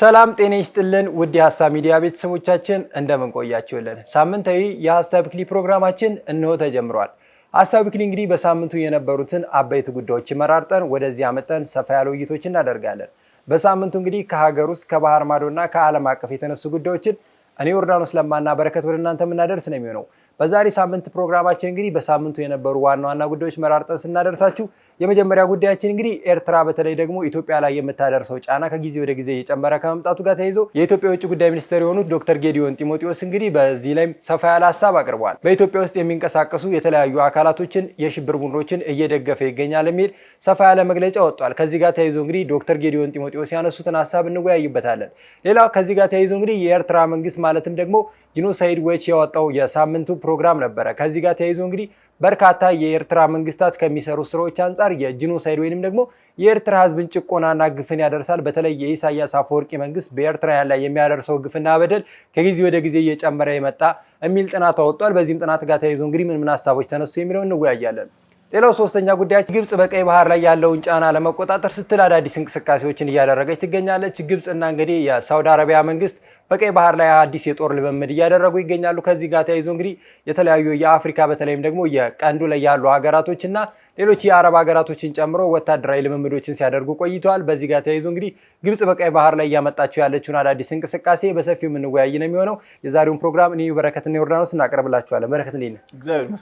ሰላም ጤና ይስጥልን ውድ የሀሳብ ሚዲያ ቤተሰቦቻችን እንደምን ቆያችሁልን? ሳምንታዊ የሀሳብ ክሊ ፕሮግራማችን እንሆ ተጀምሯል። ሀሳብ ክሊ እንግዲህ በሳምንቱ የነበሩትን አበይት ጉዳዮች መራርጠን ወደዚህ አመጠን ሰፋ ያለ ውይይቶች እናደርጋለን። በሳምንቱ እንግዲህ ከሀገር ውስጥ ከባህር ማዶና ከዓለም አቀፍ የተነሱ ጉዳዮችን እኔ ዮርዳኖስ ለማና በረከት ወደ እናንተ የምናደርስ ነው የሚሆነው። በዛሬ ሳምንት ፕሮግራማችን እንግዲህ በሳምንቱ የነበሩ ዋና ዋና ጉዳዮች መራርጠን ስናደርሳችሁ የመጀመሪያ ጉዳያችን እንግዲህ ኤርትራ በተለይ ደግሞ ኢትዮጵያ ላይ የምታደርሰው ጫና ከጊዜ ወደ ጊዜ እየጨመረ ከመምጣቱ ጋር ተይዞ የኢትዮጵያ የውጭ ጉዳይ ሚኒስትር የሆኑት ዶክተር ጌዲዮን ጢሞቴዎስ እንግዲህ በዚህ ላይም ሰፋ ያለ ሀሳብ አቅርበዋል። በኢትዮጵያ ውስጥ የሚንቀሳቀሱ የተለያዩ አካላቶችን የሽብር ቡድኖችን እየደገፈ ይገኛል የሚል ሰፋ ያለ መግለጫ ወጥቷል። ከዚህ ጋር ተያይዞ እንግዲህ ዶክተር ጌዲዮን ጢሞቴዎስ ያነሱትን ሀሳብ እንወያይበታለን። ሌላው ከዚህ ጋር ተያይዞ እንግዲህ የኤርትራ መንግስት ማለትም ደግሞ ጂኖሳይድ ዌች ያወጣው የሳምንቱ ፕሮግራም ነበረ። ከዚህ ጋር ተያይዞ እንግዲህ በርካታ የኤርትራ መንግስታት ከሚሰሩ ስራዎች አንጻር የጂኖሳይድ ወይንም ደግሞ የኤርትራ ህዝብን ጭቆናና ግፍን ያደርሳል። በተለይ የኢሳያስ አፈወርቂ መንግስት በኤርትራውያን ላይ የሚያደርሰው ግፍና በደል ከጊዜ ወደ ጊዜ እየጨመረ የመጣ የሚል ጥናት አወጥቷል። በዚህም ጥናት ጋር ተያይዞ እንግዲህ ምን ምን ሀሳቦች ተነሱ የሚለው እንወያያለን። ሌላው ሶስተኛ ጉዳያችን ግብጽ በቀይ ባህር ላይ ያለውን ጫና ለመቆጣጠር ስትል አዳዲስ እንቅስቃሴዎችን እያደረገች ትገኛለች። ግብጽና እንግዲህ የሳውዲ አረቢያ መንግስት በቀይ ባህር ላይ አዲስ የጦር ልምምድ እያደረጉ ይገኛሉ። ከዚህ ጋር ተያይዞ እንግዲህ የተለያዩ የአፍሪካ በተለይም ደግሞ የቀንዱ ላይ ያሉ ሀገራቶች እና ሌሎች የአረብ ሀገራቶችን ጨምሮ ወታደራዊ ልምምዶችን ሲያደርጉ ቆይተዋል። በዚህ ጋር ተያይዞ እንግዲህ ግብጽ በቀይ ባህር ላይ እያመጣቸው ያለችውን አዳዲስ እንቅስቃሴ በሰፊው የምንወያይ ነው የሚሆነው። የዛሬውን ፕሮግራም እኔ በረከትና ዮርዳኖስ እናቀርብላችኋለን። በረከት እንዴት ነህ?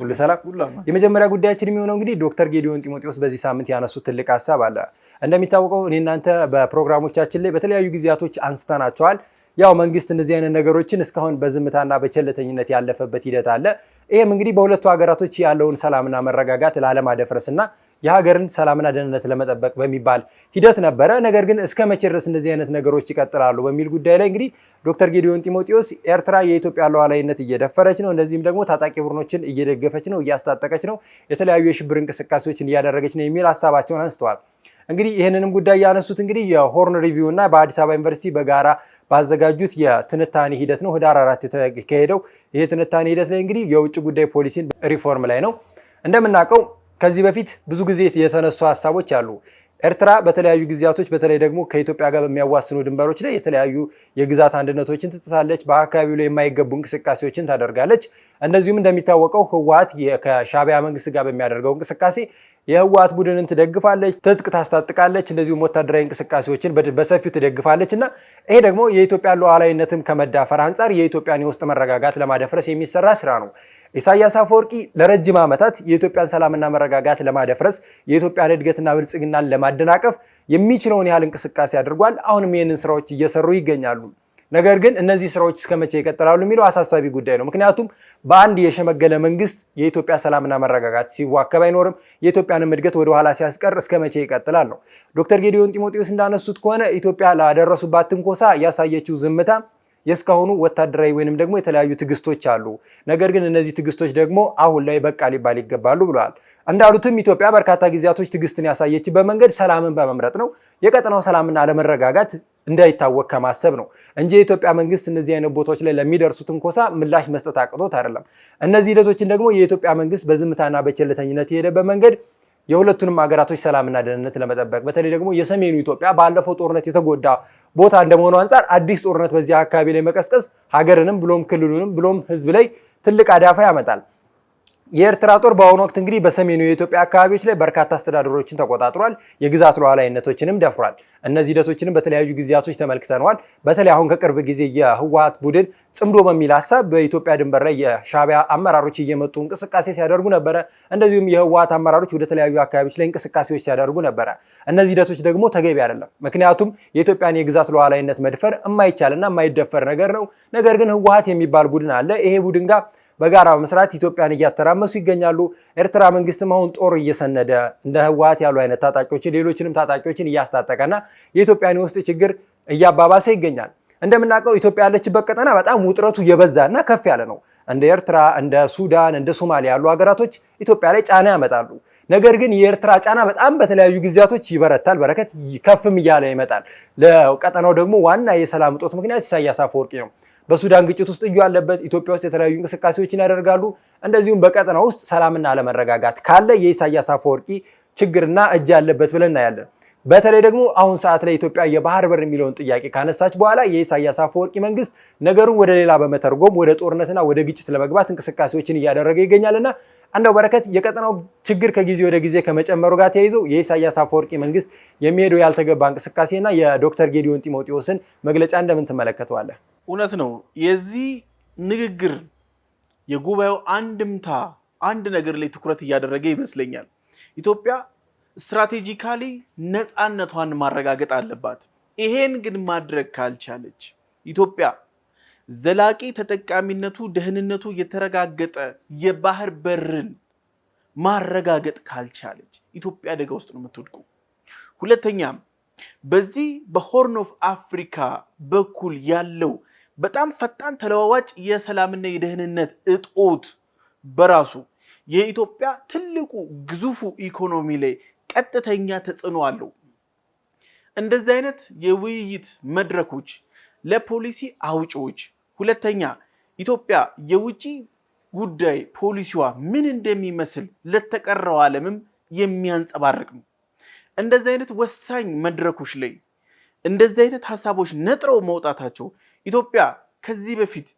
ሁሉ ሰላም። የመጀመሪያ ጉዳያችን የሚሆነው እንግዲህ ዶክተር ጌዲዮን ጢሞቴዎስ በዚህ ሳምንት ያነሱት ትልቅ ሀሳብ አለ። እንደሚታወቀው እኔ እናንተ በፕሮግራሞቻችን ላይ በተለያዩ ጊዜያቶች አንስተናቸዋል። ያው መንግስት እንደዚህ አይነት ነገሮችን እስካሁን በዝምታና በቸለተኝነት ያለፈበት ሂደት አለ። ይህም እንግዲህ በሁለቱ ሀገራቶች ያለውን ሰላምና መረጋጋት ላለማደፍረስና የሀገርን ሰላምና ደህንነት ለመጠበቅ በሚባል ሂደት ነበረ። ነገር ግን እስከ መቼ ድረስ እንደዚህ አይነት ነገሮች ይቀጥላሉ በሚል ጉዳይ ላይ እንግዲህ ዶክተር ጌዲዮን ጢሞቴዎስ ኤርትራ የኢትዮጵያ ሉዓላዊነት እየደፈረች ነው፣ እንደዚህም ደግሞ ታጣቂ ቡድኖችን እየደገፈች ነው፣ እያስታጠቀች ነው፣ የተለያዩ የሽብር እንቅስቃሴዎችን እያደረገች ነው የሚል ሀሳባቸውን አንስተዋል። እንግዲህ ይህንንም ጉዳይ ያነሱት እንግዲህ የሆርን ሪቪው እና በአዲስ አበባ ዩኒቨርሲቲ በጋራ ባዘጋጁት የትንታኔ ሂደት ነው ህዳር አራት የተካሄደው። ይህ ትንታኔ ሂደት ላይ እንግዲህ የውጭ ጉዳይ ፖሊሲን ሪፎርም ላይ ነው። እንደምናውቀው ከዚህ በፊት ብዙ ጊዜ የተነሱ ሀሳቦች አሉ። ኤርትራ በተለያዩ ጊዜያቶች በተለይ ደግሞ ከኢትዮጵያ ጋር በሚያዋስኑ ድንበሮች ላይ የተለያዩ የግዛት አንድነቶችን ትጥሳለች፣ በአካባቢው ላይ የማይገቡ እንቅስቃሴዎችን ታደርጋለች። እንደዚሁም እንደሚታወቀው ህወሓት ከሻቢያ መንግስት ጋር በሚያደርገው እንቅስቃሴ የህወሓት ቡድንን ትደግፋለች፣ ትጥቅ ታስታጥቃለች፣ እንደዚሁም ወታደራዊ እንቅስቃሴዎችን በሰፊው ትደግፋለች እና ይሄ ደግሞ የኢትዮጵያ ሉዓላዊነትም ከመዳፈር አንጻር የኢትዮጵያን የውስጥ መረጋጋት ለማደፍረስ የሚሰራ ስራ ነው። ኢሳያስ አፈወርቂ ለረጅም ዓመታት የኢትዮጵያን ሰላምና መረጋጋት ለማደፍረስ የኢትዮጵያን እድገትና ብልጽግናን ለማደናቀፍ የሚችለውን ያህል እንቅስቃሴ አድርጓል። አሁንም ይህንን ስራዎች እየሰሩ ይገኛሉ። ነገር ግን እነዚህ ስራዎች እስከ መቼ ይቀጥላሉ የሚለው አሳሳቢ ጉዳይ ነው። ምክንያቱም በአንድ የሸመገለ መንግስት የኢትዮጵያ ሰላምና መረጋጋት ሲዋከብ አይኖርም። የኢትዮጵያንም እድገት ወደኋላ ሲያስቀር እስከ መቼ ይቀጥላል ነው። ዶክተር ጌዲዮን ጢሞቴዎስ እንዳነሱት ከሆነ ኢትዮጵያ ላደረሱባት ትንኮሳ ያሳየችው ዝምታ የእስካሁኑ ወታደራዊ ወይንም ደግሞ የተለያዩ ትግስቶች አሉ። ነገር ግን እነዚህ ትግስቶች ደግሞ አሁን ላይ በቃ ሊባል ይገባሉ ብለዋል። እንዳሉትም ኢትዮጵያ በርካታ ጊዜያቶች ትግስትን ያሳየችበት መንገድ ሰላምን በመምረጥ ነው። የቀጠናው ሰላምና አለመረጋጋት እንዳይታወቅ ከማሰብ ነው እንጂ የኢትዮጵያ መንግስት እነዚህ አይነት ቦታዎች ላይ ለሚደርሱ ትንኮሳ ምላሽ መስጠት አቅቶት አይደለም። እነዚህ ሂደቶችን ደግሞ የኢትዮጵያ መንግስት በዝምታና በቸልተኝነት የሄደበት መንገድ የሁለቱንም ሀገራቶች ሰላምና ደህንነት ለመጠበቅ በተለይ ደግሞ የሰሜኑ ኢትዮጵያ ባለፈው ጦርነት የተጎዳ ቦታ እንደመሆኑ አንጻር አዲስ ጦርነት በዚህ አካባቢ ላይ መቀስቀስ ሀገርንም ብሎም ክልሉንም ብሎም ህዝብ ላይ ትልቅ አዳፋ ያመጣል። የኤርትራ ጦር በአሁኑ ወቅት እንግዲህ በሰሜኑ የኢትዮጵያ አካባቢዎች ላይ በርካታ አስተዳደሮችን ተቆጣጥሯል። የግዛት ሉዓላዊነቶችንም ደፍሯል። እነዚህ ሂደቶችንም በተለያዩ ጊዜያቶች ተመልክተነዋል። በተለይ አሁን ከቅርብ ጊዜ የህወሀት ቡድን ጽምዶ በሚል ሀሳብ በኢትዮጵያ ድንበር ላይ የሻቢያ አመራሮች እየመጡ እንቅስቃሴ ሲያደርጉ ነበረ። እንደዚሁም የህወሀት አመራሮች ወደ ተለያዩ አካባቢዎች ላይ እንቅስቃሴዎች ሲያደርጉ ነበረ። እነዚህ ሂደቶች ደግሞ ተገቢ አይደለም። ምክንያቱም የኢትዮጵያን የግዛት ሉዓላዊነት መድፈር የማይቻልና የማይደፈር ነገር ነው። ነገር ግን ህወሀት የሚባል ቡድን አለ። ይሄ ቡድን ጋር በጋራ በመስራት ኢትዮጵያን እያተራመሱ ይገኛሉ። ኤርትራ መንግስትም አሁን ጦር እየሰነደ እንደ ህወሓት ያሉ አይነት ታጣቂዎችን ሌሎችንም ታጣቂዎችን እያስታጠቀና የኢትዮጵያን የውስጥ ችግር እያባባሰ ይገኛል። እንደምናውቀው ኢትዮጵያ ያለችበት ቀጠና በጣም ውጥረቱ የበዛና ከፍ ያለ ነው። እንደ ኤርትራ፣ እንደ ሱዳን፣ እንደ ሶማሊያ ያሉ ሀገራቶች ኢትዮጵያ ላይ ጫና ያመጣሉ። ነገር ግን የኤርትራ ጫና በጣም በተለያዩ ጊዜያቶች ይበረታል፣ በረከት ከፍም እያለ ይመጣል። ለቀጠናው ደግሞ ዋና የሰላም እጦት ምክንያት ኢሳያስ አፈወርቂ ነው። በሱዳን ግጭት ውስጥ እጁ ያለበት ኢትዮጵያ ውስጥ የተለያዩ እንቅስቃሴዎችን ያደርጋሉ። እንደዚሁም በቀጠና ውስጥ ሰላምና አለመረጋጋት ካለ የኢሳያስ አፈወርቂ ችግርና እጅ ያለበት ብለን እናያለን። በተለይ ደግሞ አሁን ሰዓት ላይ ኢትዮጵያ የባህር በር የሚለውን ጥያቄ ካነሳች በኋላ የኢሳያስ አፈወርቂ መንግስት ነገሩን ወደ ሌላ በመተርጎም ወደ ጦርነትና ወደ ግጭት ለመግባት እንቅስቃሴዎችን እያደረገ ይገኛልና አንደው በረከት የቀጠናው ችግር ከጊዜ ወደ ጊዜ ከመጨመሩ ጋር ተያይዘው የኢሳያስ አፈወርቂ መንግስት የሚሄደው ያልተገባ እንቅስቃሴና የዶክተር ጌዲዮን ጢሞቴዎስን መግለጫ እንደምን ትመለከተዋለህ? እውነት ነው። የዚህ ንግግር የጉባኤው አንድምታ አንድ ነገር ላይ ትኩረት እያደረገ ይመስለኛል። ኢትዮጵያ ስትራቴጂካሊ ነፃነቷን ማረጋገጥ አለባት። ይሄን ግን ማድረግ ካልቻለች ኢትዮጵያ ዘላቂ ተጠቃሚነቱ፣ ደህንነቱ የተረጋገጠ የባህር በርን ማረጋገጥ ካልቻለች ኢትዮጵያ አደጋ ውስጥ ነው የምትወድቁ። ሁለተኛም በዚህ በሆርን ኦፍ አፍሪካ በኩል ያለው በጣም ፈጣን ተለዋዋጭ የሰላምና የደህንነት እጦት በራሱ የኢትዮጵያ ትልቁ ግዙፉ ኢኮኖሚ ላይ ቀጥተኛ ተጽዕኖ አለው። እንደዚህ አይነት የውይይት መድረኮች ለፖሊሲ አውጪዎች፣ ሁለተኛ ኢትዮጵያ የውጭ ጉዳይ ፖሊሲዋ ምን እንደሚመስል ለተቀረው ዓለምም የሚያንጸባርቅ ነው። እንደዚህ አይነት ወሳኝ መድረኮች ላይ እንደዚህ አይነት ሀሳቦች ነጥረው መውጣታቸው ኢትዮጵያ ከዚህ በፊት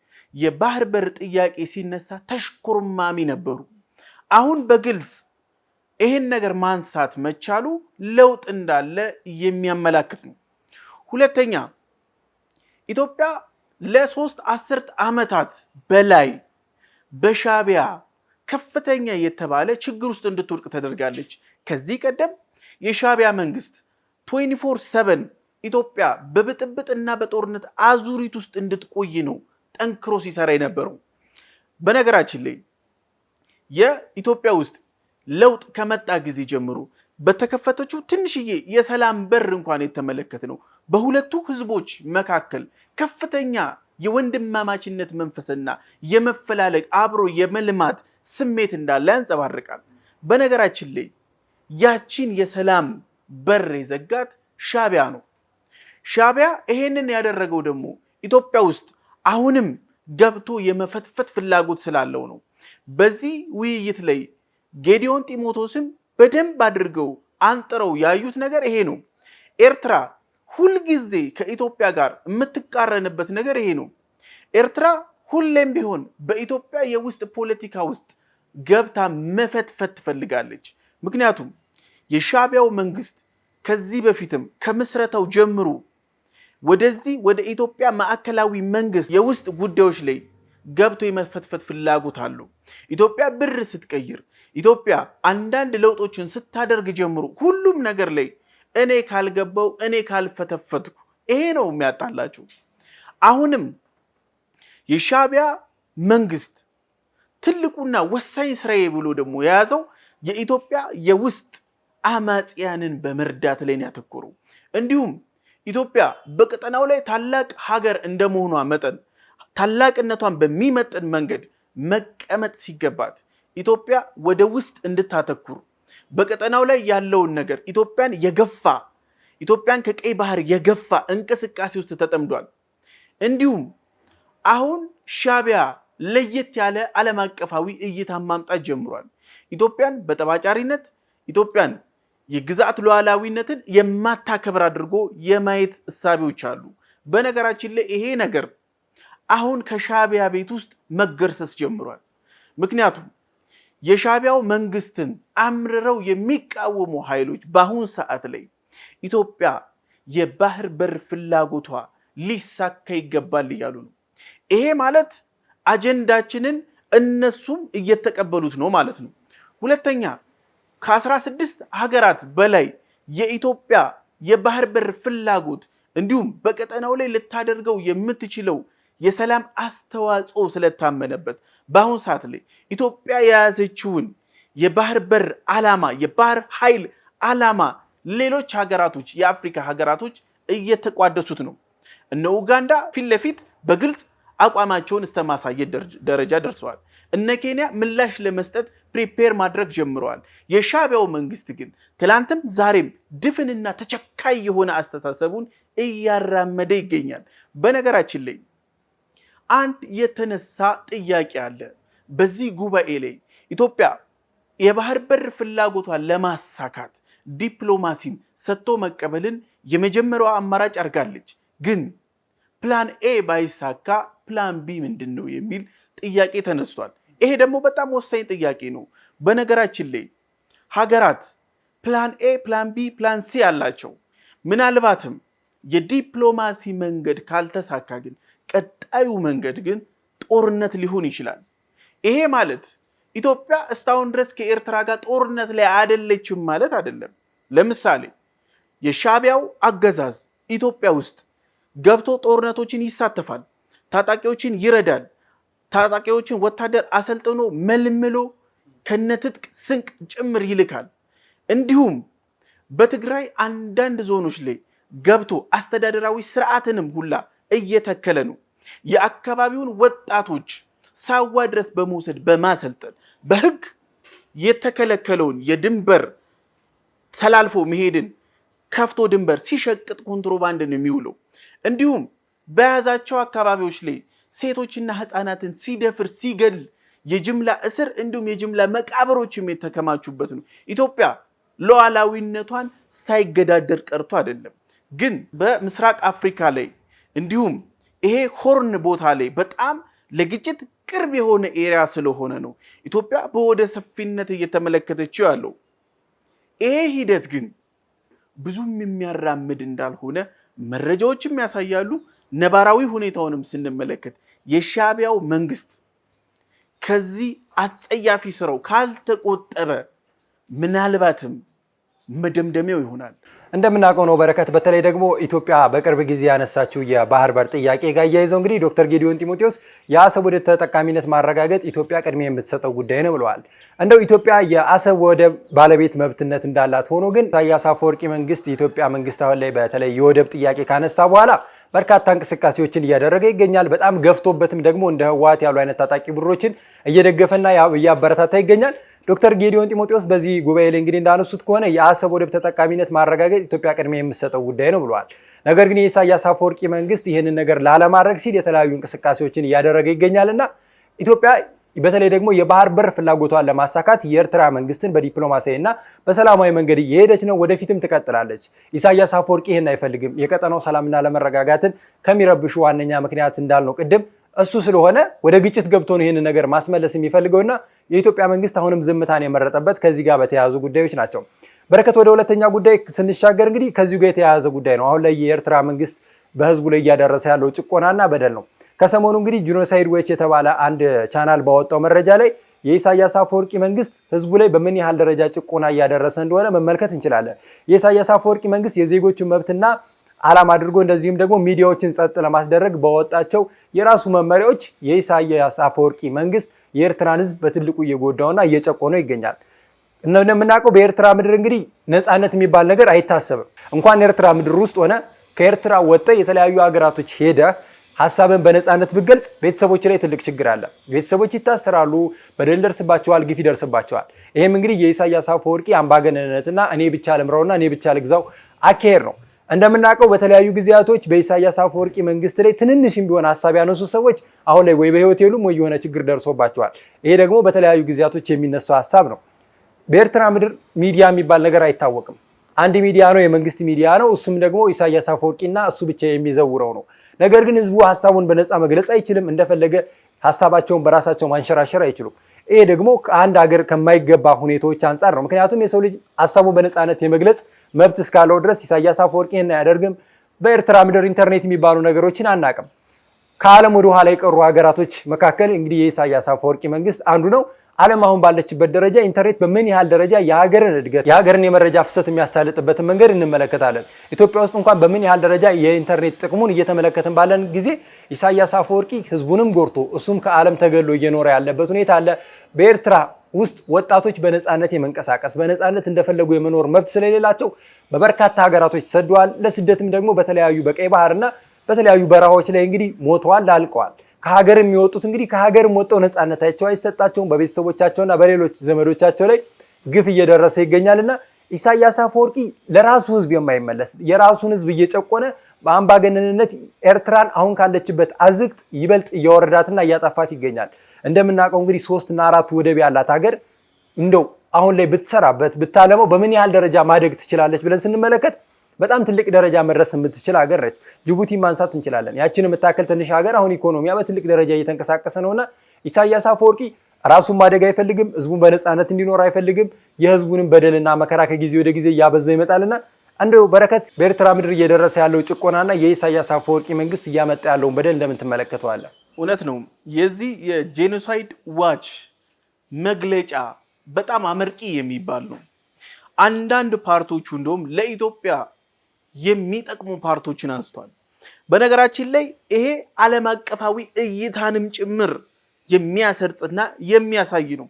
የባህር በር ጥያቄ ሲነሳ ተሽኮርማሚ ነበሩ። አሁን በግልጽ ይህን ነገር ማንሳት መቻሉ ለውጥ እንዳለ የሚያመላክት ነው። ሁለተኛ ኢትዮጵያ ለሶስት አስርት ዓመታት በላይ በሻቢያ ከፍተኛ የተባለ ችግር ውስጥ እንድትወድቅ ተደርጋለች። ከዚህ ቀደም የሻቢያ መንግስት 24/7 ኢትዮጵያ በብጥብጥና በጦርነት አዙሪት ውስጥ እንድትቆይ ነው ጠንክሮ ሲሰራ የነበረው። በነገራችን ላይ የኢትዮጵያ ውስጥ ለውጥ ከመጣ ጊዜ ጀምሮ በተከፈተችው ትንሽዬ የሰላም በር እንኳን የተመለከት ነው በሁለቱ ህዝቦች መካከል ከፍተኛ የወንድማማችነት መንፈስና የመፈላለግ አብሮ የመልማት ስሜት እንዳለ ያንጸባርቃል። በነገራችን ላይ ያቺን የሰላም በር የዘጋት ሻቢያ ነው። ሻቢያ ይሄንን ያደረገው ደግሞ ኢትዮጵያ ውስጥ አሁንም ገብቶ የመፈትፈት ፍላጎት ስላለው ነው። በዚህ ውይይት ላይ ጌዲዮን ጢሞቴዎስን በደንብ አድርገው አንጥረው ያዩት ነገር ይሄ ነው። ኤርትራ ሁልጊዜ ከኢትዮጵያ ጋር የምትቃረንበት ነገር ይሄ ነው። ኤርትራ ሁሌም ቢሆን በኢትዮጵያ የውስጥ ፖለቲካ ውስጥ ገብታ መፈትፈት ትፈልጋለች። ምክንያቱም የሻቢያው መንግስት ከዚህ በፊትም ከምስረታው ጀምሮ ወደዚህ ወደ ኢትዮጵያ ማዕከላዊ መንግስት የውስጥ ጉዳዮች ላይ ገብቶ የመፈትፈት ፍላጎት አለው። ኢትዮጵያ ብር ስትቀይር፣ ኢትዮጵያ አንዳንድ ለውጦችን ስታደርግ ጀምሮ ሁሉም ነገር ላይ እኔ ካልገባው እኔ ካልፈተፈትኩ፣ ይሄ ነው የሚያጣላቸው። አሁንም የሻቢያ መንግስት ትልቁና ወሳኝ ስራዬ ብሎ ደግሞ የያዘው የኢትዮጵያ የውስጥ አማጽያንን በመርዳት ላይ ያተኮረው እንዲሁም ኢትዮጵያ በቀጠናው ላይ ታላቅ ሀገር እንደመሆኗ መጠን ታላቅነቷን በሚመጥን መንገድ መቀመጥ ሲገባት ኢትዮጵያ ወደ ውስጥ እንድታተኩር በቀጠናው ላይ ያለውን ነገር ኢትዮጵያን የገፋ ኢትዮጵያን ከቀይ ባህር የገፋ እንቅስቃሴ ውስጥ ተጠምዷል። እንዲሁም አሁን ሻቢያ ለየት ያለ ዓለም አቀፋዊ እይታ ማምጣት ጀምሯል። ኢትዮጵያን በጠባጫሪነት ኢትዮጵያን የግዛት ሉዓላዊነትን የማታከብር አድርጎ የማየት እሳቤዎች አሉ። በነገራችን ላይ ይሄ ነገር አሁን ከሻቢያ ቤት ውስጥ መገርሰስ ጀምሯል። ምክንያቱም የሻቢያው መንግስትን አምርረው የሚቃወሙ ኃይሎች በአሁን ሰዓት ላይ ኢትዮጵያ የባህር በር ፍላጎቷ ሊሳካ ይገባል እያሉ ነው። ይሄ ማለት አጀንዳችንን እነሱም እየተቀበሉት ነው ማለት ነው። ሁለተኛ ከ16 ሀገራት በላይ የኢትዮጵያ የባህር በር ፍላጎት እንዲሁም በቀጠናው ላይ ልታደርገው የምትችለው የሰላም አስተዋጽኦ ስለታመነበት በአሁኑ ሰዓት ላይ ኢትዮጵያ የያዘችውን የባህር በር ዓላማ የባህር ኃይል ዓላማ ሌሎች ሀገራቶች የአፍሪካ ሀገራቶች እየተቋደሱት ነው። እነ ኡጋንዳ ፊት ለፊት በግልጽ አቋማቸውን እስከ ማሳየት ደረጃ ደርሰዋል። እነ ኬንያ ምላሽ ለመስጠት ፕሪፔር ማድረግ ጀምረዋል። የሻቢያው መንግስት ግን ትላንትም ዛሬም ድፍንና ተቸካይ የሆነ አስተሳሰቡን እያራመደ ይገኛል። በነገራችን ላይ አንድ የተነሳ ጥያቄ አለ። በዚህ ጉባኤ ላይ ኢትዮጵያ የባህር በር ፍላጎቷን ለማሳካት ዲፕሎማሲን ሰጥቶ መቀበልን የመጀመሪያዋ አማራጭ አድርጋለች። ግን ፕላን ኤ ባይሳካ ፕላን ቢ ምንድን ነው የሚል ጥያቄ ተነስቷል። ይሄ ደግሞ በጣም ወሳኝ ጥያቄ ነው። በነገራችን ላይ ሀገራት ፕላን ኤ፣ ፕላን ቢ፣ ፕላን ሲ አላቸው። ምናልባትም የዲፕሎማሲ መንገድ ካልተሳካ ግን ቀጣዩ መንገድ ግን ጦርነት ሊሆን ይችላል። ይሄ ማለት ኢትዮጵያ እስካሁን ድረስ ከኤርትራ ጋር ጦርነት ላይ አይደለችም ማለት አይደለም። ለምሳሌ የሻቢያው አገዛዝ ኢትዮጵያ ውስጥ ገብቶ ጦርነቶችን ይሳተፋል፣ ታጣቂዎችን ይረዳል፣ ታጣቂዎችን ወታደር አሰልጥኖ መልምሎ ከነትጥቅ ስንቅ ጭምር ይልካል። እንዲሁም በትግራይ አንዳንድ ዞኖች ላይ ገብቶ አስተዳደራዊ ስርዓትንም ሁላ እየተከለ ነው። የአካባቢውን ወጣቶች ሳዋ ድረስ በመውሰድ በማሰልጠን በህግ የተከለከለውን የድንበር ተላልፎ መሄድን ከፍቶ ድንበር ሲሸቅጥ ኮንትሮባንድ የሚውለው። እንዲሁም በያዛቸው አካባቢዎች ላይ ሴቶችና ህፃናትን ሲደፍር ሲገል የጅምላ እስር እንዲሁም የጅምላ መቃብሮችም የተከማቹበት ነው። ኢትዮጵያ ሉዓላዊነቷን ሳይገዳደር ቀርቶ አይደለም፣ ግን በምስራቅ አፍሪካ ላይ እንዲሁም ይሄ ሆርን ቦታ ላይ በጣም ለግጭት ቅርብ የሆነ ኤሪያ ስለሆነ ነው ኢትዮጵያ በወደ ሰፊነት እየተመለከተችው ያለው። ይሄ ሂደት ግን ብዙም የሚያራምድ እንዳልሆነ መረጃዎችም ያሳያሉ። ነባራዊ ሁኔታውንም ስንመለከት የሻቢያው መንግስት ከዚህ አጸያፊ ስራው ካልተቆጠበ ምናልባትም መደምደሚያው ይሆናል። እንደምናውቀው ነው በረከት። በተለይ ደግሞ ኢትዮጵያ በቅርብ ጊዜ ያነሳችው የባህር በር ጥያቄ ጋር እያይዘው እንግዲህ ዶክተር ጌዲዮን ጢሞቴዎስ የአሰብ ወደብ ተጠቃሚነት ማረጋገጥ ኢትዮጵያ ቅድሚያ የምትሰጠው ጉዳይ ነው ብለዋል። እንደው ኢትዮጵያ የአሰብ ወደብ ባለቤት መብትነት እንዳላት ሆኖ ግን ኢሳያስ አፈወርቂ መንግስት የኢትዮጵያ መንግስት አሁን ላይ በተለይ የወደብ ጥያቄ ካነሳ በኋላ በርካታ እንቅስቃሴዎችን እያደረገ ይገኛል። በጣም ገፍቶበትም ደግሞ እንደ ህወሓት ያሉ አይነት ታጣቂ ቡድኖችን እየደገፈና እያበረታታ ይገኛል። ዶክተር ጌዲዮን ጢሞቴዎስ በዚህ ጉባኤ ላይ እንግዲህ እንዳነሱት ከሆነ የአሰብ ወደብ ተጠቃሚነት ማረጋገጥ ኢትዮጵያ ቅድሚያ የምትሰጠው ጉዳይ ነው ብለዋል። ነገር ግን የኢሳያስ አፈወርቂ መንግስት ይህንን ነገር ላለማድረግ ሲል የተለያዩ እንቅስቃሴዎችን እያደረገ ይገኛልና ኢትዮጵያ በተለይ ደግሞ የባህር በር ፍላጎቷን ለማሳካት የኤርትራ መንግስትን እና በሰላማዊ መንገድ እየሄደች ነው፣ ወደፊትም ትቀጥላለች። ኢሳያስ አፈወርቂ ይህን አይፈልግም። የቀጠናው ሰላምና ለመረጋጋትን ከሚረብሹ ዋነኛ ምክንያት እንዳልነው ቅድም እሱ ስለሆነ ወደ ግጭት ገብቶ ነው ይህንን ነገር ማስመለስ የሚፈልገውና የኢትዮጵያ መንግስት አሁንም ዝምታን የመረጠበት ከዚህ ጋር በተያያዙ ጉዳዮች ናቸው። በረከት ወደ ሁለተኛ ጉዳይ ስንሻገር እንግዲህ ከዚሁ ጋር የተያያዘ ጉዳይ ነው። አሁን ላይ የኤርትራ መንግስት በህዝቡ ላይ እያደረሰ ያለው ጭቆናና በደል ነው። ከሰሞኑ እንግዲህ ጂኖሳይድ ዌች የተባለ አንድ ቻናል ባወጣው መረጃ ላይ የኢሳያስ አፈወርቂ መንግስት ህዝቡ ላይ በምን ያህል ደረጃ ጭቆና እያደረሰ እንደሆነ መመልከት እንችላለን። የኢሳያስ አፈወርቂ መንግስት የዜጎችን መብትና አላማ አድርጎ እንደዚሁም ደግሞ ሚዲያዎችን ጸጥ ለማስደረግ በወጣቸው የራሱ መመሪያዎች የኢሳያስ አፈወርቂ መንግስት የኤርትራን ህዝብ በትልቁ እየጎዳውና እየጨቆነው ይገኛል። እንደምናውቀው በኤርትራ ምድር እንግዲህ ነፃነት የሚባል ነገር አይታሰብም። እንኳን ኤርትራ ምድር ውስጥ ሆነ ከኤርትራ ወጥተህ የተለያዩ ሀገራቶች ሄደህ ሀሳብን በነፃነት ብገልጽ ቤተሰቦች ላይ ትልቅ ችግር አለ። ቤተሰቦች ይታሰራሉ፣ በደል ደርስባቸዋል፣ ግፍ ይደርስባቸዋል። ይህም እንግዲህ የኢሳያስ አፈወርቂ አምባገነንነትና እኔ ብቻ ልምራውና እኔ ብቻ ልግዛው አካሄድ ነው። እንደምናውቀው በተለያዩ ጊዜያቶች በኢሳያስ አፈወርቂ መንግስት ላይ ትንንሽም ቢሆን ሀሳብ ያነሱ ሰዎች አሁን ላይ ወይ በህይወት የሉም ወይ የሆነ ችግር ደርሶባቸዋል። ይሄ ደግሞ በተለያዩ ጊዜያቶች የሚነሱ ሀሳብ ነው። በኤርትራ ምድር ሚዲያ የሚባል ነገር አይታወቅም። አንድ ሚዲያ ነው፣ የመንግስት ሚዲያ ነው። እሱም ደግሞ ኢሳያስ አፈወርቂና እሱ ብቻ የሚዘውረው ነው። ነገር ግን ህዝቡ ሀሳቡን በነፃ መግለጽ አይችልም። እንደፈለገ ሀሳባቸውን በራሳቸው ማንሸራሸር አይችሉም። ይሄ ደግሞ ከአንድ ሀገር ከማይገባ ሁኔታዎች አንጻር ነው። ምክንያቱም የሰው ልጅ ሀሳቡን በነፃነት የመግለጽ መብት እስካለው ድረስ ኢሳያስ አፈወርቂ ይህን አያደርግም። በኤርትራ ምድር ኢንተርኔት የሚባሉ ነገሮችን አናቅም። ከዓለም ወደ ኋላ የቀሩ ሀገራቶች መካከል እንግዲህ የኢሳያስ አፈወርቂ መንግስት አንዱ ነው። ዓለም አሁን ባለችበት ደረጃ ኢንተርኔት በምን ያህል ደረጃ የሀገርን እድገት የሀገርን የመረጃ ፍሰት የሚያሳልጥበትን መንገድ እንመለከታለን። ኢትዮጵያ ውስጥ እንኳን በምን ያህል ደረጃ የኢንተርኔት ጥቅሙን እየተመለከትን ባለን ጊዜ ኢሳያስ አፈወርቂ ህዝቡንም ጎርቶ እሱም ከዓለም ተገሎ እየኖረ ያለበት ሁኔታ አለ። በኤርትራ ውስጥ ወጣቶች በነፃነት የመንቀሳቀስ በነፃነት እንደፈለጉ የመኖር መብት ስለሌላቸው በበርካታ ሀገራቶች ተሰደዋል። ለስደትም ደግሞ በተለያዩ በቀይ ባህርና በተለያዩ በረሃዎች ላይ እንግዲህ ሞተዋል፣ አልቀዋል። ከሀገር የሚወጡት እንግዲህ ከሀገርም ወጠው ነፃነታቸው አይሰጣቸውም። በቤተሰቦቻቸውና በሌሎች ዘመዶቻቸው ላይ ግፍ እየደረሰ እና ኢሳያስ አፈወርቂ ለራሱ ህዝብ የማይመለስ የራሱን ህዝብ እየጨቆነ በአምባገነንነት ኤርትራን አሁን ካለችበት አዝግጥ ይበልጥ እያወረዳትና እያጠፋት ይገኛል። እንደምናውቀው እንግዲህ ሶስትና አራት ወደብ ያላት ሀገር እንደው አሁን ላይ ብትሰራበት ብታለመው በምን ያህል ደረጃ ማደግ ትችላለች ብለን ስንመለከት በጣም ትልቅ ደረጃ መድረስ የምትችል ሀገር ነች። ጅቡቲ ማንሳት እንችላለን። ያችን የምታከል ትንሽ ሀገር አሁን ኢኮኖሚያ በትልቅ ደረጃ እየተንቀሳቀሰ ነውና ኢሳያስ አፈወርቂ ራሱን ማደግ አይፈልግም። ህዝቡን በነፃነት እንዲኖር አይፈልግም። የህዝቡንም በደልና መከራ ከጊዜ ወደ ጊዜ እያበዛው ይመጣልና እንደው በረከት በኤርትራ ምድር እየደረሰ ያለው ጭቆናና የኢሳያስ አፈወርቂ መንግስት እያመጣ ያለውን በደል እንደምን እውነት ነው። የዚህ የጄኖሳይድ ዋች መግለጫ በጣም አመርቂ የሚባል ነው። አንዳንድ ፓርቶቹ እንደውም ለኢትዮጵያ የሚጠቅሙ ፓርቶችን አንስቷል። በነገራችን ላይ ይሄ ዓለም አቀፋዊ እይታንም ጭምር የሚያሰርጽና የሚያሳይ ነው።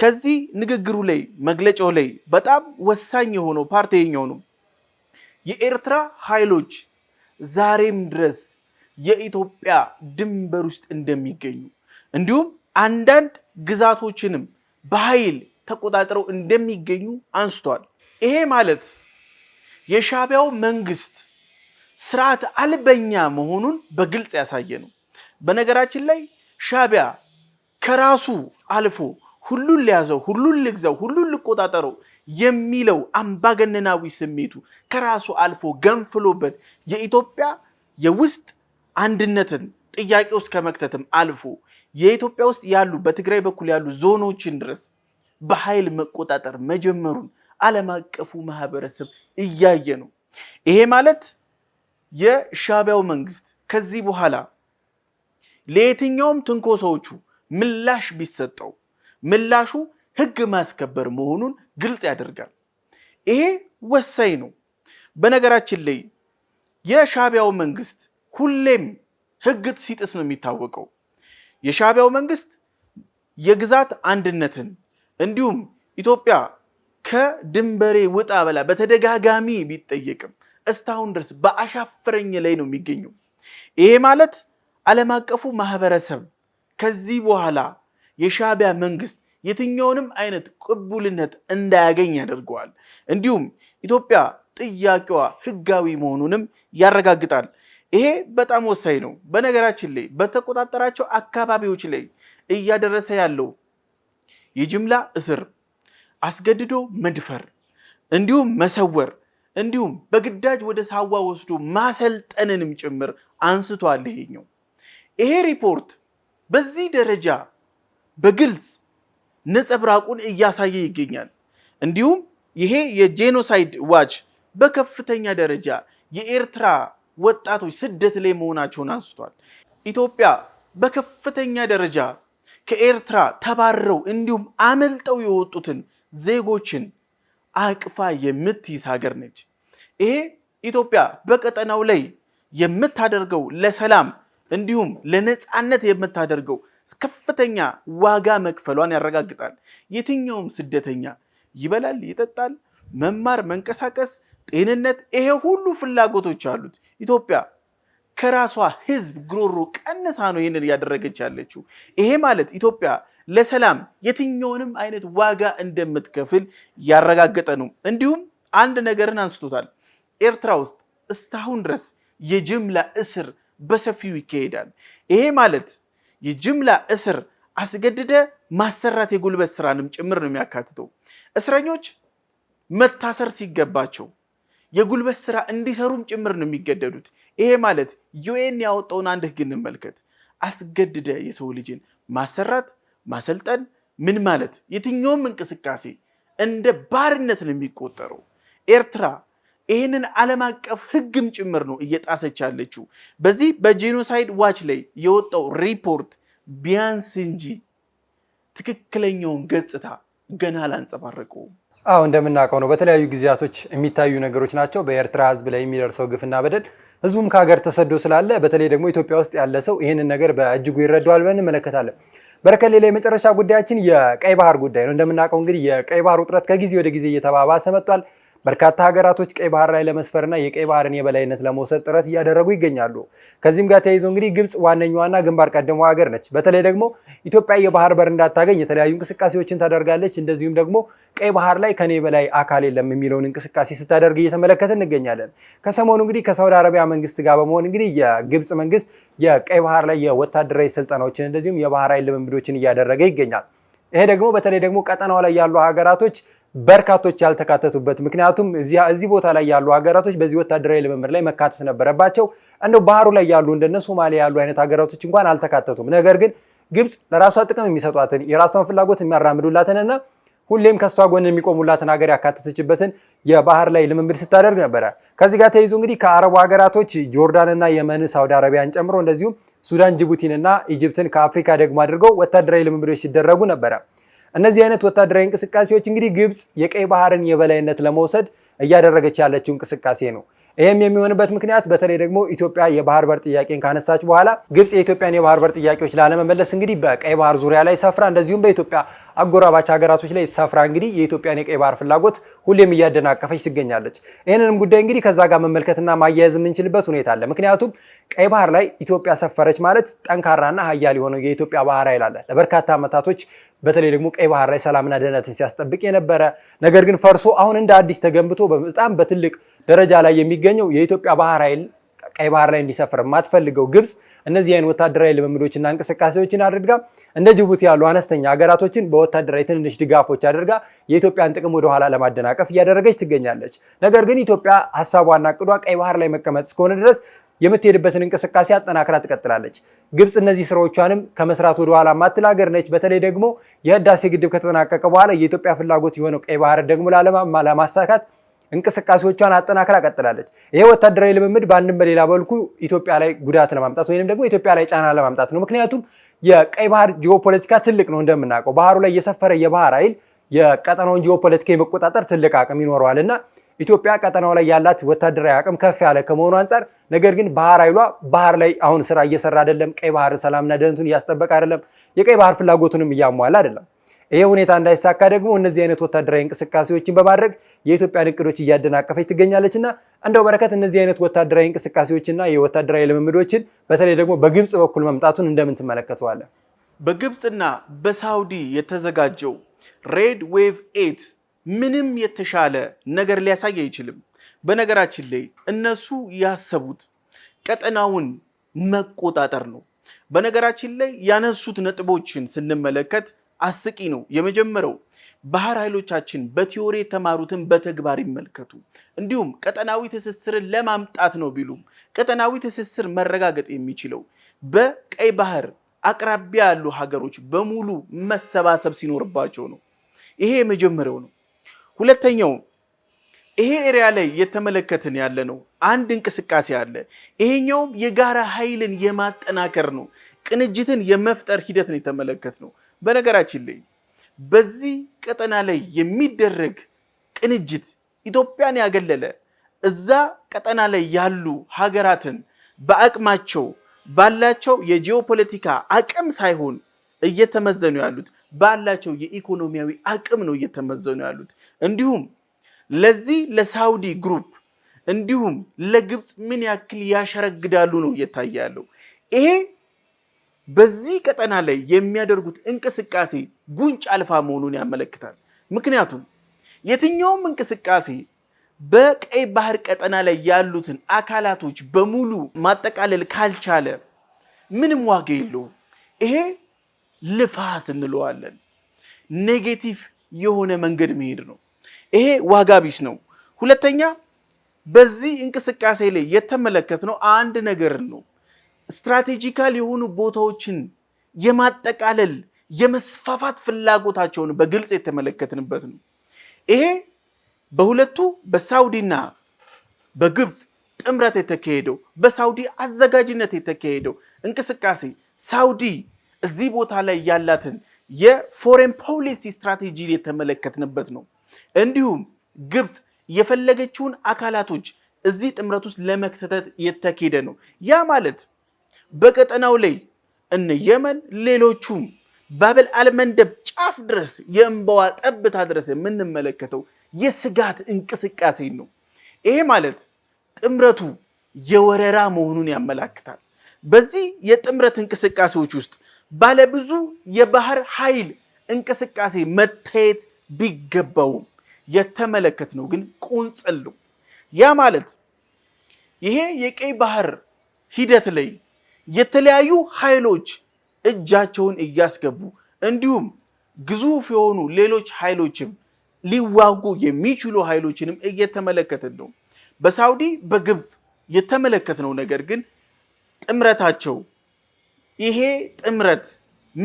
ከዚህ ንግግሩ ላይ መግለጫው ላይ በጣም ወሳኝ የሆነው ፓርቲ የኛው ነው። የኤርትራ ኃይሎች ዛሬም ድረስ የኢትዮጵያ ድንበር ውስጥ እንደሚገኙ እንዲሁም አንዳንድ ግዛቶችንም በኃይል ተቆጣጥረው እንደሚገኙ አንስቷል። ይሄ ማለት የሻቢያው መንግስት ስርዓት አልበኛ መሆኑን በግልጽ ያሳየ ነው። በነገራችን ላይ ሻቢያ ከራሱ አልፎ ሁሉን ሊያዘው፣ ሁሉን ልግዛው፣ ሁሉን ልቆጣጠረው የሚለው አምባገነናዊ ስሜቱ ከራሱ አልፎ ገንፍሎበት የኢትዮጵያ የውስጥ አንድነትን ጥያቄ ውስጥ ከመክተትም አልፎ የኢትዮጵያ ውስጥ ያሉ በትግራይ በኩል ያሉ ዞኖችን ድረስ በኃይል መቆጣጠር መጀመሩን ዓለም አቀፉ ማህበረሰብ እያየ ነው። ይሄ ማለት የሻቢያው መንግስት ከዚህ በኋላ ለየትኛውም ትንኮሳዎቹ ምላሽ ቢሰጠው ምላሹ ህግ ማስከበር መሆኑን ግልጽ ያደርጋል። ይሄ ወሳኝ ነው። በነገራችን ላይ የሻቢያው መንግስት ሁሌም ህግ ሲጥስ ነው የሚታወቀው። የሻቢያው መንግስት የግዛት አንድነትን እንዲሁም ኢትዮጵያ ከድንበሬ ውጣ በላ በተደጋጋሚ ቢጠየቅም እስካሁን ድረስ በአሻፈረኝ ላይ ነው የሚገኘው። ይሄ ማለት ዓለም አቀፉ ማህበረሰብ ከዚህ በኋላ የሻቢያ መንግስት የትኛውንም አይነት ቅቡልነት እንዳያገኝ ያደርገዋል። እንዲሁም ኢትዮጵያ ጥያቄዋ ህጋዊ መሆኑንም ያረጋግጣል። ይሄ በጣም ወሳኝ ነው። በነገራችን ላይ በተቆጣጠራቸው አካባቢዎች ላይ እያደረሰ ያለው የጅምላ እስር አስገድዶ መድፈር፣ እንዲሁም መሰወር፣ እንዲሁም በግዳጅ ወደ ሳዋ ወስዶ ማሰልጠንንም ጭምር አንስቷል። ይሄኛው ይሄ ሪፖርት በዚህ ደረጃ በግልጽ ነጸብራቁን እያሳየ ይገኛል። እንዲሁም ይሄ የጄኖሳይድ ዋች በከፍተኛ ደረጃ የኤርትራ ወጣቶች ስደት ላይ መሆናቸውን አንስቷል። ኢትዮጵያ በከፍተኛ ደረጃ ከኤርትራ ተባረው እንዲሁም አመልጠው የወጡትን ዜጎችን አቅፋ የምትይዝ ሀገር ነች። ይሄ ኢትዮጵያ በቀጠናው ላይ የምታደርገው ለሰላም እንዲሁም ለነፃነት የምታደርገው ከፍተኛ ዋጋ መክፈሏን ያረጋግጣል። የትኛውም ስደተኛ ይበላል፣ ይጠጣል፣ መማር፣ መንቀሳቀስ፣ ጤንነት፣ ይሄ ሁሉ ፍላጎቶች አሉት። ኢትዮጵያ ከራሷ ሕዝብ ግሮሮ ቀንሳ ነው ይህንን እያደረገች ያለችው። ይሄ ማለት ኢትዮጵያ ለሰላም የትኛውንም አይነት ዋጋ እንደምትከፍል ያረጋገጠ ነው። እንዲሁም አንድ ነገርን አንስቶታል። ኤርትራ ውስጥ እስካሁን ድረስ የጅምላ እስር በሰፊው ይካሄዳል። ይሄ ማለት የጅምላ እስር አስገድደ ማሰራት የጉልበት ስራንም ጭምር ነው የሚያካትተው። እስረኞች መታሰር ሲገባቸው የጉልበት ስራ እንዲሰሩም ጭምር ነው የሚገደዱት። ይሄ ማለት ዩኤን ያወጣውን አንድ ህግ እንመልከት። አስገድደ የሰው ልጅን ማሰራት ማሰልጠን ምን ማለት የትኛውም እንቅስቃሴ እንደ ባርነት ነው የሚቆጠረው። ኤርትራ ይህንን ዓለም አቀፍ ሕግም ጭምር ነው እየጣሰች ያለችው። በዚህ በጄኖሳይድ ዋች ላይ የወጣው ሪፖርት ቢያንስ እንጂ ትክክለኛውን ገጽታ ገና አላንጸባረቀውም። አዎ እንደምናውቀው ነው በተለያዩ ጊዜያቶች የሚታዩ ነገሮች ናቸው። በኤርትራ ህዝብ ላይ የሚደርሰው ግፍና በደል ህዝቡም ከሀገር ተሰዶ ስላለ በተለይ ደግሞ ኢትዮጵያ ውስጥ ያለ ሰው ይህንን ነገር በእጅጉ ይረዳዋል ብለን እንመለከታለን። በረከሌ ላይ የመጨረሻ ጉዳያችን የቀይ ባህር ጉዳይ ነው። እንደምናውቀው እንግዲህ የቀይ ባህር ውጥረት ከጊዜ ወደ ጊዜ እየተባባሰ መጥቷል። በርካታ ሀገራቶች ቀይ ባህር ላይ ለመስፈርና የቀይ ባህርን የበላይነት ለመውሰድ ጥረት እያደረጉ ይገኛሉ። ከዚህም ጋር ተያይዞ እንግዲህ ግብጽ ዋነኛዋና ግንባር ቀደሟ ሀገር ነች። በተለይ ደግሞ ኢትዮጵያ የባህር በር እንዳታገኝ የተለያዩ እንቅስቃሴዎችን ታደርጋለች። እንደዚሁም ደግሞ ቀይ ባህር ላይ ከኔ በላይ አካል የለም የሚለውን እንቅስቃሴ ስታደርግ እየተመለከት እንገኛለን። ከሰሞኑ እንግዲህ ከሳውዲ አረቢያ መንግስት ጋር በመሆን እንግዲህ የግብጽ መንግስት የቀይ ባህር ላይ የወታደራዊ ስልጠናዎችን እንደዚሁም የባህር ኃይል ልምምዶችን እያደረገ ይገኛል። ይሄ ደግሞ በተለይ ደግሞ ቀጠናው ላይ ያሉ ሀገራቶች በርካቶች ያልተካተቱበት ምክንያቱም እዚህ ቦታ ላይ ያሉ ሀገራቶች በዚህ ወታደራዊ ልምምድ ላይ መካተት ነበረባቸው። እንደው ባህሩ ላይ ያሉ እንደነ ሶማሊያ ያሉ አይነት ሀገራቶች እንኳን አልተካተቱም። ነገር ግን ግብፅ ለራሷ ጥቅም የሚሰጧትን የራሷን ፍላጎት የሚያራምዱላትንና ሁሌም ከእሷ ጎን የሚቆሙላትን ሀገር ያካተተችበትን የባህር ላይ ልምምድ ስታደርግ ነበረ። ከዚህ ጋር ተይዞ እንግዲህ ከአረቡ ሀገራቶች ጆርዳንና የመን፣ ሳውዲ አረቢያን ጨምሮ እንደዚሁም ሱዳን፣ ጅቡቲንና ኢጅፕትን ከአፍሪካ ደግሞ አድርገው ወታደራዊ ልምምዶች ሲደረጉ ነበረ። እነዚህ አይነት ወታደራዊ እንቅስቃሴዎች እንግዲህ ግብፅ የቀይ ባህርን የበላይነት ለመውሰድ እያደረገች ያለችው እንቅስቃሴ ነው። ይህም የሚሆንበት ምክንያት በተለይ ደግሞ ኢትዮጵያ የባህር በር ጥያቄን ካነሳች በኋላ ግብፅ የኢትዮጵያን የባህር በር ጥያቄዎች ላለመመለስ እንግዲህ በቀይ ባህር ዙሪያ ላይ ሰፍራ፣ እንደዚሁም በኢትዮጵያ አጎራባች ሀገራቶች ላይ ሰፍራ እንግዲህ የኢትዮጵያን የቀይ ባህር ፍላጎት ሁሌም እያደናቀፈች ትገኛለች። ይህንንም ጉዳይ እንግዲህ ከዛ ጋር መመልከትና ማያያዝ የምንችልበት ሁኔታ አለ። ምክንያቱም ቀይ ባህር ላይ ኢትዮጵያ ሰፈረች ማለት ጠንካራና ሀያል የሆነው የኢትዮጵያ ባህር ኃይል አለ ለበርካታ ዓመታቶች በተለይ ደግሞ ቀይ ባህር ላይ ሰላምና ደህንነትን ሲያስጠብቅ የነበረ ነገር ግን ፈርሶ አሁን እንደ አዲስ ተገንብቶ በጣም በትልቅ ደረጃ ላይ የሚገኘው የኢትዮጵያ ባህር ኃይል ቀይ ባህር ላይ እንዲሰፍር የማትፈልገው ግብፅ እነዚህን ወታደራዊ ልምምዶችና እንቅስቃሴዎችን አድርጋ እንደ ጅቡቲ ያሉ አነስተኛ ሀገራቶችን በወታደራዊ ትንንሽ ድጋፎች አድርጋ የኢትዮጵያን ጥቅም ወደኋላ ለማደናቀፍ እያደረገች ትገኛለች። ነገር ግን ኢትዮጵያ ሀሳቧና እቅዷ ቀይ ባህር ላይ መቀመጥ እስከሆነ ድረስ የምትሄድበትን እንቅስቃሴ አጠናክራ ትቀጥላለች። ግብፅ እነዚህ ስራዎቿንም ከመስራት ወደ ኋላ ማትል ሀገር ነች። በተለይ ደግሞ የህዳሴ ግድብ ከተጠናቀቀ በኋላ የኢትዮጵያ ፍላጎት የሆነው ቀይ ባህር ደግሞ ለዓለማ ለማሳካት እንቅስቃሴዎቿን አጠናክራ ቀጥላለች። ይሄ ወታደራዊ ልምምድ በአንድም በሌላ በልኩ ኢትዮጵያ ላይ ጉዳት ለማምጣት ወይም ደግሞ ኢትዮጵያ ላይ ጫና ለማምጣት ነው። ምክንያቱም የቀይ ባህር ጂኦፖለቲካ ትልቅ ነው እንደምናውቀው፣ ባህሩ ላይ የሰፈረ የባህር ኃይል የቀጠናውን ጂኦፖለቲካ የመቆጣጠር ትልቅ አቅም ይኖረዋል እና ኢትዮጵያ ቀጠናው ላይ ያላት ወታደራዊ አቅም ከፍ ያለ ከመሆኑ አንጻር ነገር ግን ባህር ኃይሏ ባህር ላይ አሁን ስራ እየሰራ አይደለም። ቀይ ባህር ሰላምና ደህንነቱን እያስጠበቀ አይደለም። የቀይ ባህር ፍላጎቱንም እያሟላ አይደለም። ይሄ ሁኔታ እንዳይሳካ ደግሞ እነዚህ አይነት ወታደራዊ እንቅስቃሴዎችን በማድረግ የኢትዮጵያን እቅዶች እያደናቀፈች ትገኛለች እና እንደው በረከት እነዚህ አይነት ወታደራዊ እንቅስቃሴዎችና የወታደራዊ ልምምዶችን በተለይ ደግሞ በግብፅ በኩል መምጣቱን እንደምን ትመለከተዋለን? በግብፅና በሳውዲ የተዘጋጀው ሬድ ዌቭ ኤት ምንም የተሻለ ነገር ሊያሳይ አይችልም። በነገራችን ላይ እነሱ ያሰቡት ቀጠናውን መቆጣጠር ነው። በነገራችን ላይ ያነሱት ነጥቦችን ስንመለከት አስቂ ነው። የመጀመሪያው ባህር ኃይሎቻችን በቲዎሪ የተማሩትን በተግባር ይመልከቱ፣ እንዲሁም ቀጠናዊ ትስስርን ለማምጣት ነው ቢሉም ቀጠናዊ ትስስር መረጋገጥ የሚችለው በቀይ ባህር አቅራቢያ ያሉ ሀገሮች በሙሉ መሰባሰብ ሲኖርባቸው ነው። ይሄ የመጀመሪያው ነው። ሁለተኛው ይሄ ኤሪያ ላይ የተመለከትን ያለ ነው። አንድ እንቅስቃሴ አለ። ይሄኛውም የጋራ ኃይልን የማጠናከር ነው። ቅንጅትን የመፍጠር ሂደት ነው የተመለከት ነው። በነገራችን ላይ በዚህ ቀጠና ላይ የሚደረግ ቅንጅት ኢትዮጵያን ያገለለ እዛ ቀጠና ላይ ያሉ ሀገራትን በአቅማቸው ባላቸው የጂኦፖለቲካ አቅም ሳይሆን እየተመዘኑ ያሉት ባላቸው የኢኮኖሚያዊ አቅም ነው እየተመዘኑ ያሉት። እንዲሁም ለዚህ ለሳውዲ ግሩፕ እንዲሁም ለግብፅ ምን ያክል ያሸረግዳሉ ነው እየታየ ያለው። ይሄ በዚህ ቀጠና ላይ የሚያደርጉት እንቅስቃሴ ጉንጭ አልፋ መሆኑን ያመለክታል። ምክንያቱም የትኛውም እንቅስቃሴ በቀይ ባህር ቀጠና ላይ ያሉትን አካላቶች በሙሉ ማጠቃለል ካልቻለ ምንም ዋጋ የለውም ይሄ ልፋት እንለዋለን። ኔጌቲቭ የሆነ መንገድ መሄድ ነው። ይሄ ዋጋ ቢስ ነው። ሁለተኛ በዚህ እንቅስቃሴ ላይ የተመለከትነው አንድ ነገር ነው። ስትራቴጂካል የሆኑ ቦታዎችን የማጠቃለል የመስፋፋት ፍላጎታቸውን በግልጽ የተመለከትንበት ነው። ይሄ በሁለቱ በሳውዲና በግብፅ ጥምረት የተካሄደው በሳውዲ አዘጋጅነት የተካሄደው እንቅስቃሴ ሳውዲ እዚህ ቦታ ላይ ያላትን የፎሬን ፖሊሲ ስትራቴጂ የተመለከትንበት ነው። እንዲሁም ግብፅ የፈለገችውን አካላቶች እዚህ ጥምረት ውስጥ ለመክተተት የተኬደ ነው። ያ ማለት በቀጠናው ላይ እነ የመን ሌሎቹም ባበል አልመንደብ ጫፍ ድረስ የእንባዋ ጠብታ ድረስ የምንመለከተው የስጋት እንቅስቃሴ ነው። ይሄ ማለት ጥምረቱ የወረራ መሆኑን ያመላክታል። በዚህ የጥምረት እንቅስቃሴዎች ውስጥ ባለብዙ የባህር ኃይል እንቅስቃሴ መታየት ቢገባውም የተመለከት ነው ግን ቁንጽል ነው። ያ ማለት ይሄ የቀይ ባህር ሂደት ላይ የተለያዩ ኃይሎች እጃቸውን እያስገቡ እንዲሁም ግዙፍ የሆኑ ሌሎች ኃይሎችም ሊዋጉ የሚችሉ ኃይሎችንም እየተመለከትን ነው። በሳውዲ በግብፅ የተመለከትነው ነገር ግን ጥምረታቸው ይሄ ጥምረት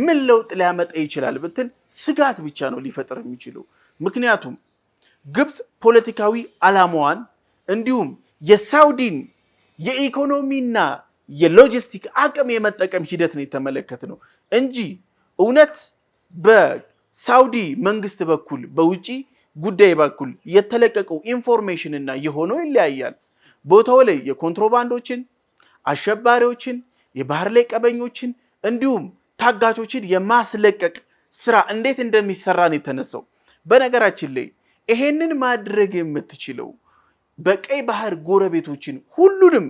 ምን ለውጥ ሊያመጣ ይችላል ብትል ስጋት ብቻ ነው ሊፈጥር የሚችለው። ምክንያቱም ግብፅ ፖለቲካዊ ዓላማዋን እንዲሁም የሳውዲን የኢኮኖሚና የሎጂስቲክ አቅም የመጠቀም ሂደት ነው የተመለከት ነው እንጂ እውነት በሳውዲ መንግስት በኩል በውጪ ጉዳይ በኩል የተለቀቀው ኢንፎርሜሽን እና የሆነው ይለያያል። ቦታው ላይ የኮንትሮባንዶችን አሸባሪዎችን የባህር ላይ ቀበኞችን እንዲሁም ታጋቾችን የማስለቀቅ ስራ እንዴት እንደሚሰራ ነው የተነሳው። በነገራችን ላይ ይሄንን ማድረግ የምትችለው በቀይ ባህር ጎረቤቶችን ሁሉንም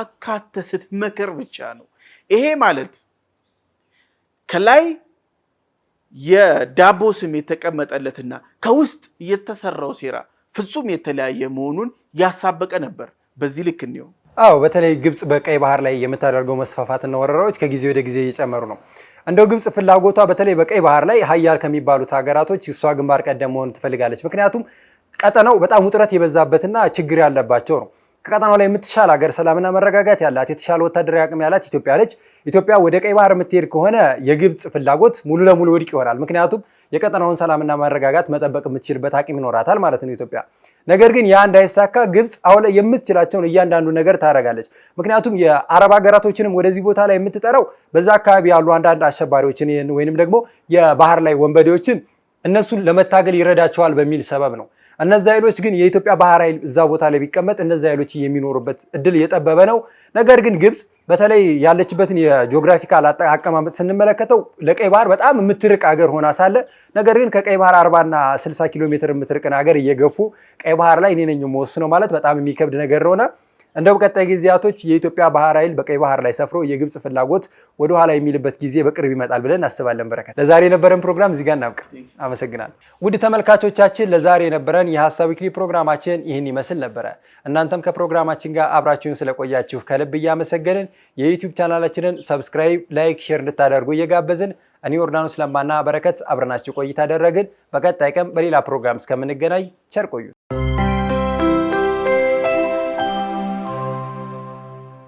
አካተ ስትመክር ብቻ ነው። ይሄ ማለት ከላይ የዳቦ ስም የተቀመጠለትና ከውስጥ የተሰራው ሴራ ፍጹም የተለያየ መሆኑን ያሳበቀ ነበር። በዚህ ልክ እንየው። አዎ በተለይ ግብጽ በቀይ ባህር ላይ የምታደርገው መስፋፋትና ወረራዎች ከጊዜ ወደ ጊዜ እየጨመሩ ነው። እንደው ግብጽ ፍላጎቷ በተለይ በቀይ ባህር ላይ ሀያል ከሚባሉት ሀገራቶች እሷ ግንባር ቀደም መሆን ትፈልጋለች። ምክንያቱም ቀጠናው በጣም ውጥረት የበዛበትና ችግር ያለባቸው ነው። ከቀጠናው ላይ የምትሻል ሀገር ሰላምና መረጋጋት ያላት የተሻለ ወታደራዊ አቅም ያላት ኢትዮጵያ ነች። ኢትዮጵያ ወደ ቀይ ባህር የምትሄድ ከሆነ የግብጽ ፍላጎት ሙሉ ለሙሉ ውድቅ ይሆናል። ምክንያቱም የቀጠናውን ሰላምና ማረጋጋት መጠበቅ የምትችልበት አቅም ይኖራታል ማለት ነው ኢትዮጵያ። ነገር ግን ያ እንዳይሳካ ግብፅ አሁን ላይ የምትችላቸውን እያንዳንዱ ነገር ታደርጋለች። ምክንያቱም የአረብ ሀገራቶችንም ወደዚህ ቦታ ላይ የምትጠራው በዛ አካባቢ ያሉ አንዳንድ አሸባሪዎችን ወይንም ደግሞ የባህር ላይ ወንበዴዎችን እነሱን ለመታገል ይረዳቸዋል በሚል ሰበብ ነው። እነዚህ ኃይሎች ግን የኢትዮጵያ ባህር ኃይል እዛ ቦታ ላይ ቢቀመጥ እነዚህ ኃይሎች የሚኖሩበት እድል እየጠበበ ነው። ነገር ግን ግብፅ በተለይ ያለችበትን የጂኦግራፊካል አቀማመጥ ስንመለከተው ለቀይ ባህር በጣም የምትርቅ አገር ሆና ሳለ ነገር ግን ከቀይ ባህር 40ና 60 ኪሎ ሜትር የምትርቅን አገር እየገፉ ቀይ ባህር ላይ እኔ ነኝ የምወስነው ማለት በጣም የሚከብድ ነገር ነውና እንደ በቀጣይ ጊዜያቶች የኢትዮጵያ ባህር ኃይል በቀይ ባህር ላይ ሰፍሮ የግብፅ ፍላጎት ወደ ኋላ የሚልበት ጊዜ በቅርብ ይመጣል ብለን እናስባለን። በረከት፣ ለዛሬ የነበረን ፕሮግራም እዚህ ጋር እናብቅ። አመሰግናለሁ። ውድ ተመልካቾቻችን፣ ለዛሬ የነበረን የሀሳብ ዊክሊ ፕሮግራማችን ይህን ይመስል ነበረ። እናንተም ከፕሮግራማችን ጋር አብራችሁን ስለቆያችሁ ከልብ እያመሰገንን የዩቲዩብ ቻናላችንን ሰብስክራይብ፣ ላይክ፣ ሼር እንድታደርጉ እየጋበዝን እኔ ዮርዳኖስ ለማና በረከት አብረናችሁ ቆይታ አደረግን። በቀጣይ ቀን በሌላ ፕሮግራም እስከምንገናኝ ቸር ቆዩ።